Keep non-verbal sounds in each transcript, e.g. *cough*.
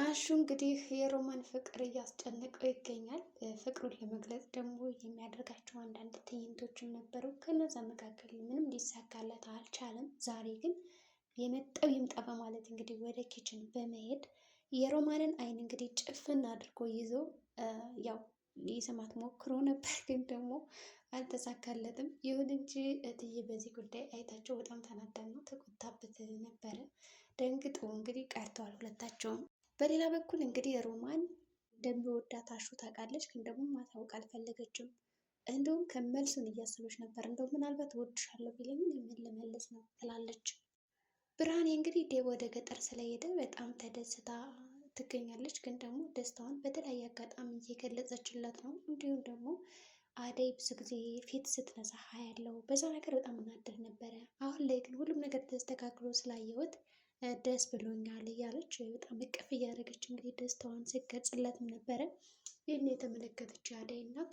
አሹ እንግዲህ የሮማን ፍቅር እያስጨነቀው ይገኛል። ፍቅሩን ለመግለጽ ደግሞ የሚያደርጋቸው አንዳንድ ትዕይንቶችም ነበሩ። ከነዛ መካከል ምንም ሊሳካለት አልቻለም። ዛሬ ግን የመጣው ይምጣ በማለት እንግዲህ ወደ ኪችን በመሄድ የሮማንን አይን እንግዲህ ጭፍን አድርጎ ይዞ ያው ሊስማት ሞክሮ ነበር፣ ግን ደግሞ አልተሳካለትም። ይሁን እንጂ እትዬ በዚህ ጉዳይ አይታቸው በጣም ተናዳና ተቆጣበት ነበረ። ደንግጦ እንግዲህ ቀርተዋል ሁለታቸውም። በሌላ በኩል እንግዲህ ሮማን እንደሚወዳት አሹ ታውቃለች፣ ግን ደግሞ ማታወቅ አልፈለገችም። እንደውም ከመልሱን እያሰበች ነበር። እንደው ምናልባት እወድሻለሁ ቢለኝ ለመመለስ ነው ትላለች። ብርሃኔ እንግዲህ ዴብ ወደ ገጠር ስለሄደ በጣም ተደስታ ትገኛለች። ግን ደግሞ ደስታዋን በተለያየ አጋጣሚ እየገለጸችለት ነው። እንዲሁም ደግሞ አደይ ብዙ ጊዜ ፊት ስትነሳ ያለው በዛ ነገር በጣም እናደር ነበረ። አሁን ላይ ግን ሁሉም ነገር ተስተካክሎ ስላየሁት ደስ ብሎኛል እያለች በጣም እቅፍ እያደረገች እንግዲህ ደስታዋን ስትገልጽለትም ነበረ። ይህን የተመለከተች ያደይ እናት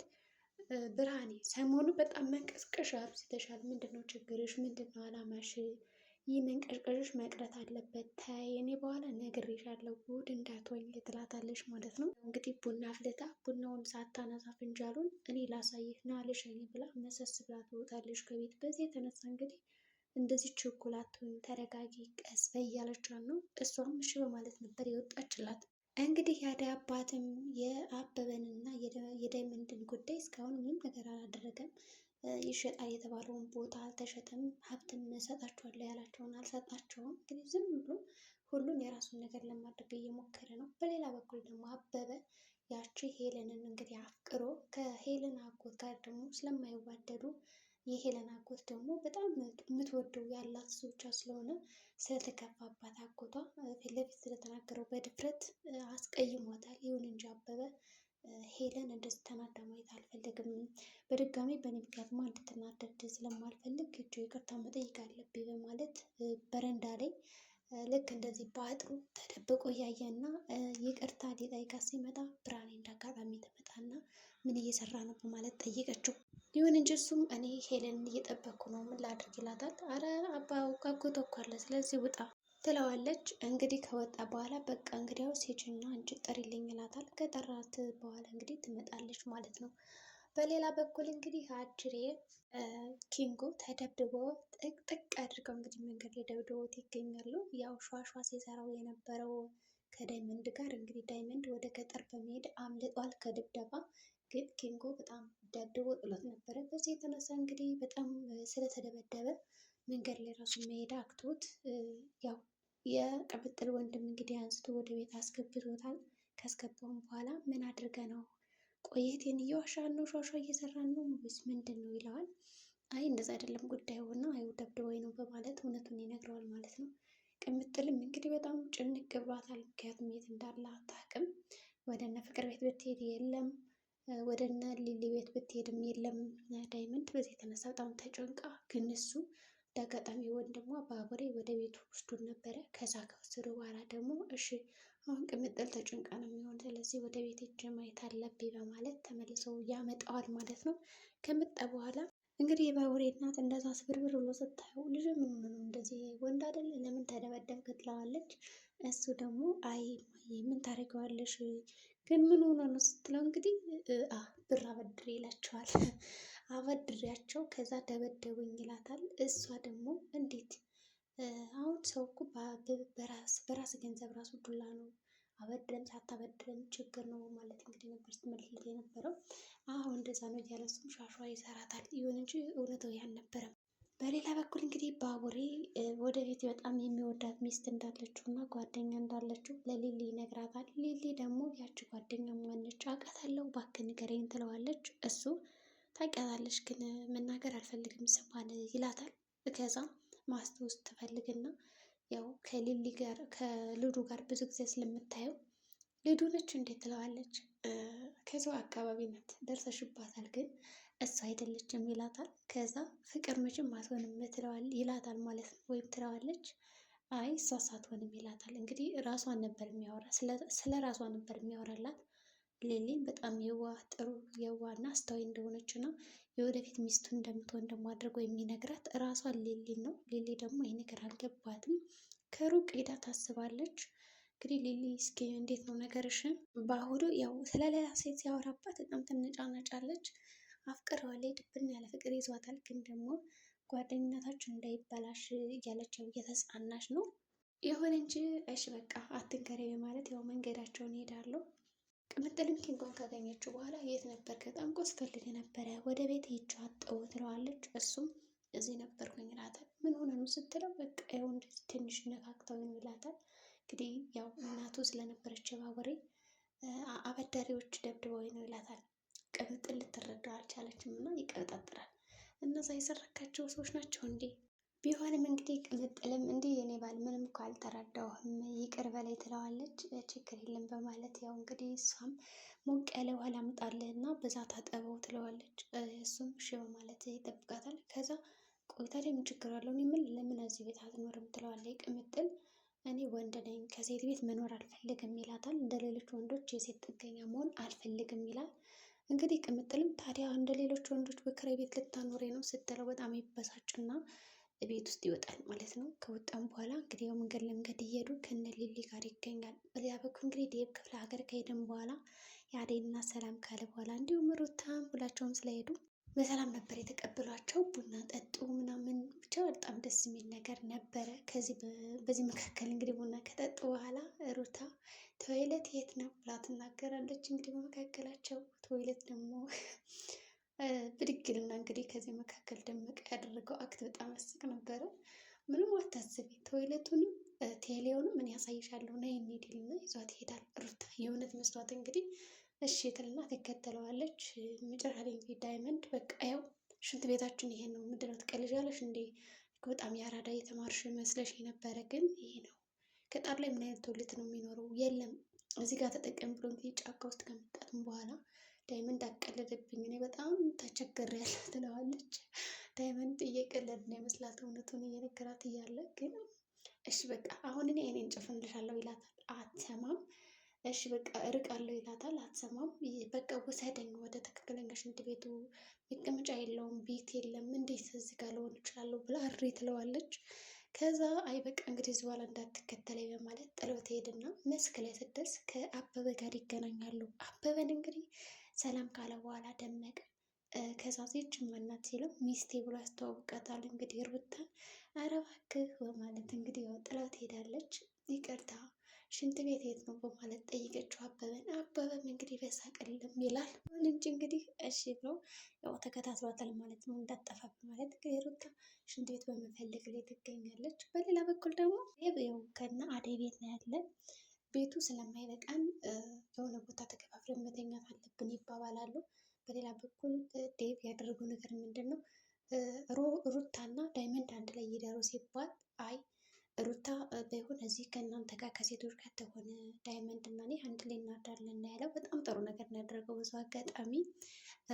ብርሃኔ ሰሞኑ በጣም መንቀስቀሽ አብዝተሻል፣ ምንድን ነው ችግርሽ? ምንድን ነው አላማሽ? ይህ መንቀስቀሽሽ መቅረት አለበት። ተይ እኔ በኋላ ነግሬሻለሁ ጉድ እንዳትሆኝ ትላታለሽ ማለት ነው። እንግዲህ ቡና አፍልታ ቡናውን ሳታነሳ ፍንጃሉን እኔ ላሳይህ ነው አለሽ ብላ መሰስ ብላ ትወጣለች ከቤት። በዚህ የተነሳ እንግዲህ እንደዚህ ችኩል አትሁኝ፣ ተረጋጊ፣ ቀስ በይ እያለቻት ነው። እሷም እሺ በማለት ነበር የወጣችላት። እንግዲህ የአደይ አባትም የአበበንና የዳይመንድን ጉዳይ እስካሁን ምንም ነገር አላደረገም። ይሸጣል የተባለውን ቦታ አልተሸጠም፣ ሀብትም እሰጣቸዋለሁ ያላቸውን አልሰጣቸውም። እንግዲህ ዝም ብሎ ሁሉም የራሱን ነገር ለማድረግ እየሞከረ ነው። በሌላ በኩል ደግሞ አበበ ያቺ ሄለንን እንግዲህ አፍቅሮ ከሄለን አጎት ጋር ደግሞ ስለማይዋደዱ የሄለን አጎት ደግሞ በጣም የምትወደው ያላት እሱ ብቻ ስለሆነ ስለተከፋባት አጎቷ ፊት ለፊት ስለተናገረው በድፍረት አስቀይሟታል። ይሁን እንጂ አበበ ሄለን እንደዚህ ተናዳ ማየት አልፈልግም፣ በድጋሚ በእኔ ምክንያት እንድትናደድ ስለማልፈልግ እጅ ይቅርታ መጠየቅ አለብኝ በማለት በረንዳ ላይ ልክ እንደዚህ በአጥሩ ተደብቆ እያየ እና ይቅርታ ሊጠይቃት ሲመጣ ብርሃኔ እንዳጋጣሚ ትመጣና ምን እየሰራ ነው በማለት ጠየቀችው። ይሁን እንጂ እሱም እኔ ሄለን እየጠበቅኩ ነው፣ ምን ላድርግ ይላታል። አረ አባው አጎቷ እኮ አለ፣ ስለዚህ ውጣ ትለዋለች። እንግዲህ ከወጣ በኋላ በቃ እንግዲያውስ ሂጂና እንጭት ጠሪልኝ ይላታል። ከጠራት በኋላ እንግዲህ ትመጣለች ማለት ነው። በሌላ በኩል እንግዲህ አጅሬ ኪንጎ ተደብድቦ ጥቅጥቅ አድርገው እንግዲህ መንገድ ላይ ደብድቦት ይገኛሉ። ያው ሿሿ ሲሰራው የነበረው ከዳይመንድ ጋር እንግዲህ ዳይመንድ ወደ ገጠር በመሄድ አምልጧል ከድብደባ። ግን ኪንጎ በጣም ደብድቦ ጥሎት ነበረ። በዚህ የተነሳ እንግዲህ በጣም ስለተደበደበ መንገድ ላይ ራሱ መሄድ አቅቶት ያው የቅምጥል ወንድም እንግዲህ አንስቶ ወደ ቤት አስገብቶታል። ካስገባውም በኋላ ምን አድርገ ነው ቆየቴን እየዋሻ ነው ሿሿ እየሰራ ነው ወይስ ምንድን ነው ይለዋል። አይ እንደዛ አይደለም ጉዳዩ እና አይ ደብድቦኝ ነው በማለት እውነቱን ይነግረዋል ማለት ነው። ቅምጥልም እንግዲህ በጣም ጭንቅ ብሏታል። ምክንያቱም የት እንዳለ አታውቅም። ወደ እነ ፍቅር ቤት ብትሄድ የለም ወደ እነ ሊሊ ቤት ብትሄድም የለም ዳይመንድ። በዚህ የተነሳ በጣም ተጨንቃ፣ ግን እሱ እንዳጋጣሚ ወንድሟ ባቡሬ ወደ ቤቱ ውስዱን ነበረ። ከዛ ከወሰዱ በኋላ ደግሞ እሺ አሁን ቅምጥል ተጨንቃ ነው የሚሆን፣ ስለዚህ ወደ ቤት ሄጄ ማየት አለብኝ በማለት ተመልሰው ያመጣዋል ማለት ነው። ከመጣ በኋላ እንግዲህ የባቡሬ እናት እንደዛ ስብርብር ብሎ ስታየው ልጅ ምን ሆነ ነው እንደዚህ ወንድ አይደለ ለምን ተደበደብክ? ትለዋለች። እሱ ደግሞ አይ ምን ታደርገዋለሽ ግን ምን ሆነ ነው ስትለው ብር አበድሬ ይላቸዋል። *laughs* አበድሬያቸው ከዛ ደበደቡኝ ይላታል። እሷ ደግሞ እንዴት አሁን ሰው እኮ በራስ ገንዘብ ራሱ ዱላ ነው አበድረም ሳታበድረም ችግር ነው ማለት እንግዲህ ነበር ስትመልስለት የነበረው። አሁን እንደዛ ነው እያለ እሱም ሻሿ ይሰራታል። ይሁን እንጂ እውነታው ያልነበረም። በሌላ በኩል እንግዲህ ባቡሬ ወደፊት በጣም የሚወዳት ሚስት እንዳለችው እና ጓደኛ እንዳለችው ለሊሊ ይነግራታል። ሊሊ ደግሞ ያቺ ጓደኛ ማነች አውቃታለሁ፣ እባክህ ንገረኝ ትለዋለች። እሱ ታውቂያታለች፣ ግን መናገር አልፈልግም ስሟን ይላታል። ከዛ ማስታወስ ትፈልግና ያው ከሊሊ ጋር ከልዱ ጋር ብዙ ጊዜ ስለምታየው ልዱ ነች እንዴት ትለዋለች። ከዚው አካባቢ ናት፣ ደርሰሽባታል ግን እሷ አይደለችም ይላታል። ከዛ ፍቅር መቼም አትሆንም ይላታል ማለት ነው። ወይም ትለዋለች። አይ እሷ ሳትሆንም ይላታል። እንግዲህ ራሷን ነበር የሚያወራ ስለ ራሷ ነበር የሚያወራላት። ሌሊም በጣም የዋ ጥሩ የዋ እና አስተዋይ እንደሆነች እና የወደፊት ሚስቱ እንደምትሆን ደግሞ አድርጎ የሚነግራት ራሷን ሌሊን ነው። ሌሊ ደግሞ ይህ ነገር አልገባትም። ከሩቅ ሄዳ ታስባለች። እንግዲህ ሌሊ እስኪ እንዴት ነው ነገርሽን? በአሁኑ ያው ስለሌላ ሴት ሲያወራባት በጣም ትነጫነጫለች። አፍቅረዋ ላይ ድብን ያለ ፍቅር ይዟታል። ግን ደግሞ ጓደኝነታችሁ እንዳይበላሽ እያለች እየተጽናናች ነው። ይሁን እንጂ እሺ በቃ አትንገሪ ማለት ያው መንገዳቸውን ይሄዳሉ። ቅምጥልም ኪንጎን ካገኘችው በኋላ የት ነበር በጣም ቆስፈልግ ነበረ ወደ ቤት ሂጅ አጠው ትለዋለች። እሱም እዚህ ነበርኩኝ ይላታል። ምን ሆነ ነው ስትለው በቃ ያው እንደዚህ ትንሽ ነካክተው ይላታል። እንግዲህ ያው እናቱ ስለነበረች የባቡሬ አበዳሪዎች ደብድበው ነው ይላታል። ቅብጥን ልትረዳው አልቻለችም እና ይቀብጣጥራል። እነዛ የሰረካቸው ሰዎች ናቸው እንዴ? ቢሆንም እንግዲህ ቅምጥልም እንዲህ የኔ ባል ምንም እኮ አልተረዳውህም ይቅር በላይ ትለዋለች። ችግር የለም በማለት ያው እንግዲህ እሷም ሞቅ ያለ ውሃ ላምጣልህ እና በዛ ታጠበው ትለዋለች። እሱም እሺ በማለት ይጠብቃታል። ከዛ ቆይታ ላይ ምን ችግር አለው ምን ለምን እዚህ ቤት አትኖርም ትለዋለች ቅምጥል እኔ ወንድ ነኝ ከሴት ቤት መኖር አልፈልግም ይላታል። እንደ ሌሎች ወንዶች የሴት ጥገኛ መሆን አልፈልግም ይላል። እንግዲህ ቅምጥልም ታዲያ እንደ ሌሎች ወንዶች በክራይ ቤት ልታኖሬ ነው ስትለው በጣም ይበሳጭና ቤት ውስጥ ይወጣል ማለት ነው። ከወጣም በኋላ እንግዲህ በመንገድ ለመንገድ እየሄዱ ከነ ሊሊ ጋር ይገኛል። በዚያ በኩል እንግዲህ ዴብ ክፍለ ሀገር ከሄደም በኋላ የአዴንና ሰላም ካለ በኋላ እንዲሁም ሩታም ሁላቸውም ስለሄዱ በሰላም ነበር የተቀበሏቸው። ቡና ጠጡ ምናምን፣ ብቻ በጣም ደስ የሚል ነገር ነበረ። ከዚህ በዚህ መካከል እንግዲህ ቡና ከጠጡ በኋላ ሩታ ቶይለት የት ነው ብላ ትናገራለች። እንግዲህ በመካከላቸው ቶይለት ደግሞ *laughs* ብድግልና እንግዲህ ከዚህ መካከል ደመቀ ያደረገው አክት በጣም አስቅ ነበረ። ምንም አታስቢ፣ ቶይለቱንም ቴሌውንም ምን ያሳይሻለሁ ና የሚሄድልና ይዟት ይሄዳል። ሩታ የእውነት መስሏት እንግዲህ እሺ ትልና ትከተለዋለች። መጨረሻ ላይ እንግዲህ ዳይመንድ በቃ ያው ሽንት ቤታችን ይሄን ነው ምንድነው ትቀልጃለሽ እንዴ? በጣም የአራዳ የተማርሽ መስለሽ የነበረ ግን ይሄ ነው። ገጠር ላይ ምን አይነት ትውልት ነው የሚኖረው? የለም እዚህ ጋር ተጠቀም ብሎ እንግዲህ ጫካ ውስጥ ከመጣትም በኋላ ዳይመንድ አቀለደብኝ፣ እኔ በጣም ተቸገር ያለ *laughs* ትለዋለች። ዳይመንድ እየቀለድ ነው ይመስላት እውነቱን እየነገራት እያለ ግን እሺ በቃ አሁን እኔ አይኔን ጨፍንልሻለሁ ይላታል። አትሰማም እሺ በቃ እርቃለሁ ይላታል። አትሰማም። በቃ ውሰደኝ ወደ ትክክለኛ ሽንት ቤቱ። መቀመጫ የለውም፣ ቤት የለም፣ እንዴት እዚህ ጋር ልሆን እችላለሁ ብላ እሪ ትለዋለች። ከዛ አይ በቃ እንግዲህ እዚህ በኋላ እንዳትከተለኝ በማለት ጥለው ትሄድና መስክ ላይ ስትደርስ ከአበበ ጋር ይገናኛሉ። አበበን እንግዲህ ሰላም ካለ በኋላ ደመቀ ከዛ ሴች መናት ሲለው ሚስቴ ብሎ ያስተዋውቃታል። እንግዲህ ሩታን አረ በማለት እንግዲህ ያው ጥላት ትሄዳለች። ይቅርታ ሽንት ቤት የት ነው በማለት ጠይቀችው አበበን። አበበም እንግዲህ በሳቅ ይላል። ይሁን እንጂ እንግዲህ እሺ ብሎ ያው ተከታትሏታል ማለት ነው እንዳጠፋ ማለት ሩታ ሽንት ቤት በመፈለግ ላይ ትገኛለች። በሌላ በኩል ደግሞ ይኸው ከነ አደይ ቤት ነው ያለ ቤቱ ስለማይበቃን የሆነ ቦታ ተከፋፍለን መተኛት አለብን ይባባላሉ። በሌላ በኩል ዴቭ ያደረገው ነገር ምንድን ነው? ሩታ እና ዳይመንድ አንድ ላይ ይደሩ ሲባል አይ ሩታ በይሁን እዚህ ከእናንተ ጋር ከሴቶች ጋር ተሆነ ዳይመንድ እና እኔ አንድ ላይ እናድራለን ያለው በጣም ጥሩ ነገር ነው ያደረገው። ብዙ አጋጣሚ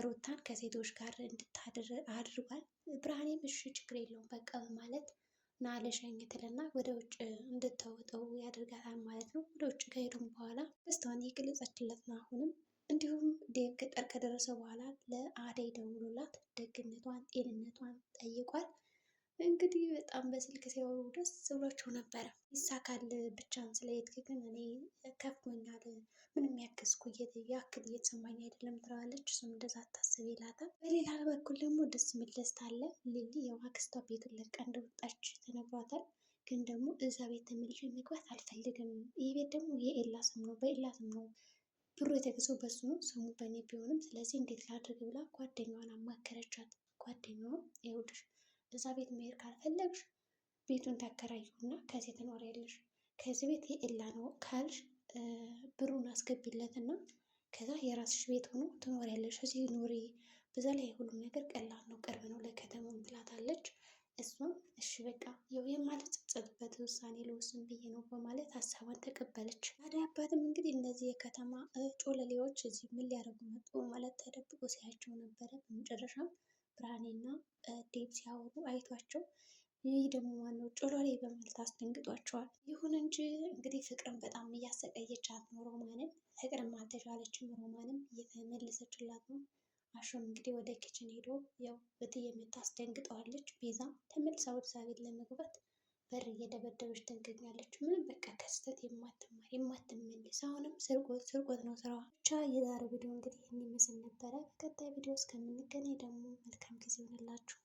ሩታን ከሴቶች ጋር እንድታድር አድርጓል። ብርሃኔም እሺ ችግር የለውም በቃ በማለት ና እና ወደ ውጭ እንድታወጠው ያደርጋታል ማለት ነው። ወደ ውጭ ከሄዱም በኋላ ደስታዋን የገለጸችለት ነው አሁንም እንዲሁም ዴቭ ገጠር ከደረሰ በኋላ ለአደይ ደውሎላት ደግነቷን ጤንነቷን ጠይቋል። እንግዲህ በጣም በስልክ ሲያወሩ ደስ ብሏቸው ነበረ። ይሳካል ብቻን ስለሄድክ ግን እኔ ከፍቶኛል፣ ምንም ያክስኩ ያክል እየተሰማኝ አይደለም ትለዋለች። እሱም እንደዛ አታስብ ይላታል። በሌላ በኩል ደግሞ ደስ የሚል ደስታ አለ። ሊሊ ያው አክስቷ ቤቱን ለቃ እንደወጣች ተነግሯታል። ግን ደግሞ እዛ ቤት ተመልሼ መግባት አልፈልግም። ይህ ቤት ደግሞ የኤላ ስም ነው፣ በኤላ ስም ነው ብሩ የተገዛው በሱ ነው፣ ስሙ በእኔ ቢሆንም ስለዚህ እንዴት ላድርግ ብላ ጓደኛዋን አማከረቻት። ጓደኛዋ ይኸውልሽ እዛ ቤት መሄድ ካልፈለግሽ ቤቱን ተከራዩና ከዚህ ትኖሪያለሽ። ከዚህ ቤት የኤላ ነው ካልሽ ብሩን አስገቢለትና ከዛ የራስሽ ቤት ሆኖ ትኖሪያለሽ። እዚህ ኑሪ፣ በዛ ላይ ሁሉም ነገር ቀላል ነው፣ ቅርብ ነው ለከተማው ትላታለች። እሷም እሺ በቃ ያው የማልጸጸትበት ውሳኔ ልወስን ብዬ ነው በማለት ሀሳቧን ተቀበለች። ታዲያ አባትም እንግዲህ እነዚህ የከተማ ጮለሌዎች እዚህ ምን ሊያደርጉ መጡ በማለት ተደብቆ ሲያቸው ነበረ። በመጨረሻም ብርሃኔና ዴብ ሲያወሩ አይቷቸው ይህ ደግሞ ማነው ጮሎሌ በማለት አስደንግጧቸዋል። ይሁን እንጂ እንግዲህ ፍቅርን በጣም እያሰቀየቻት ነው። ሮማንን ፍቅርም አልተቻለችም። ሮማንም እየተመለሰችላት ነው። አሹም እንግዲህ ወደ ኪችን ሄዶ ያው እትዬ የምታስደንግጠዋለች። ቤዛም ተመልሳ ወደ ሳሎን ለመግባት በር እየደበደበች ትገኛለች። ምንም በቃ ከስተት የማትማር የማትመልስ አሁንም ስርቆት ስርቆት ነው ስራዋ። ብቻ የዛሬ ቪዲዮ እንግዲህ ይህን ይመስል ነበረ። በቀጣይ ቪዲዮ እስከምንገናኝ ደግሞ መልካም ጊዜ ይሁንላችሁ።